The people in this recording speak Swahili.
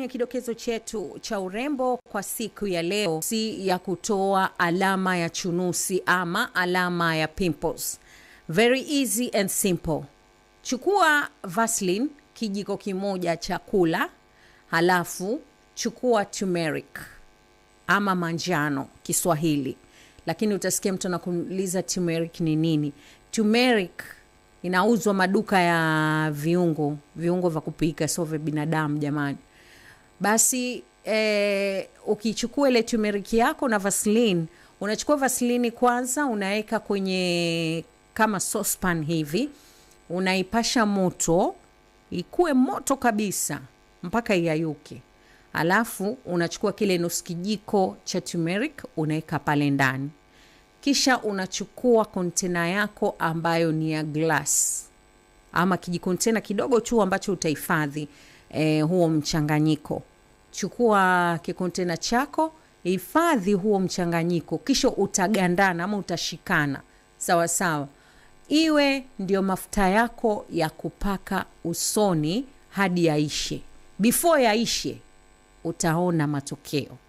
ni kidokezo chetu cha urembo kwa siku ya leo si ya kutoa alama ya chunusi ama alama ya pimples. Very easy and simple. Chukua Vaseline kijiko kimoja cha kula, halafu chukua turmeric ama manjano Kiswahili, lakini utasikia mtu anakuuliza turmeric ni nini? Turmeric inauzwa maduka ya viungo, viungo vya kupika, sio vya binadamu jamani basi e, ukichukua ile turmeric yako na vaslin unachukua vaseline kwanza, unaweka kwenye kama sospan hivi, unaipasha moto ikuwe moto kabisa mpaka iayuke Alafu unachukua kile nusu kijiko cha turmeric unaweka pale ndani, kisha unachukua kontena yako ambayo ni ya glas ama kijikontena kidogo tu ambacho utahifadhi e, huo mchanganyiko. Chukua kikontena chako, hifadhi huo mchanganyiko, kisha utagandana ama utashikana sawa sawa, iwe ndio mafuta yako ya kupaka usoni hadi yaishe. Before yaishe, utaona matokeo.